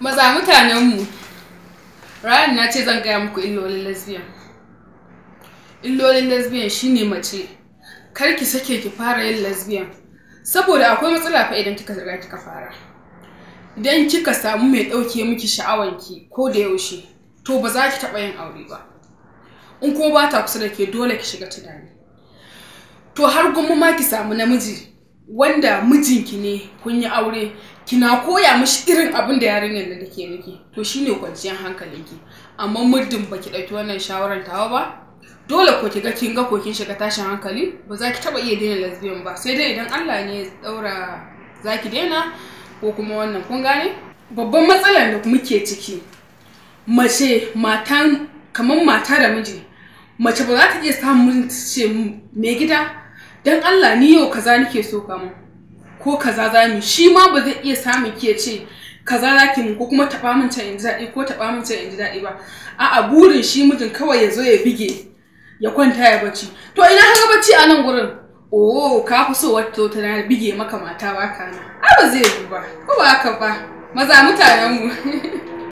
maza mutanen mu ra'ayin na ce zan gaya muku illolin lesbian illolin lesbian shine mace kar ki sake ki fara yin lesbian saboda akwai matsala fa idan kika riga kika fara idan kika samu mai ɗauke miki sha'awanki ko da yaushe to ba za ki taɓa yin aure ba in ko ba ta kusa da ke dole ki shiga tunani to har gumma ma ki samu namiji wanda mijinki ne kun yi aure kina koya mishi irin abin da yarinyar da take miki to shine kwanciyar ki? amma muddin baki ɗauki wannan shawaran tawa ba dole ko kiga kin ga ko kin shiga tashin hankali ba za ki taba iya daina lesbian ba sai dai idan Allah ne ya daura za ki daina ko kuma wannan kun gane babban matsalar da muke ciki mace mata kamar mata da miji mace ba za ta iya samun ce mai gida dan Allah ni yau kaza nake so kama ko kaza za mu shi ma ba zai iya samun kiyace, ce kaza za ki mun ko kuma taɓa mun ta yanzu ko taɓa min ta yanzu daɗi ba a'a burin shi mijin kawai ya zo ya bige ya kwanta ya bacci to ina ka bacci a nan gurin oh ka fi so wata ta na bige maka mata ba ka na ba zai yi ba ko ba haka ba maza mutanen mu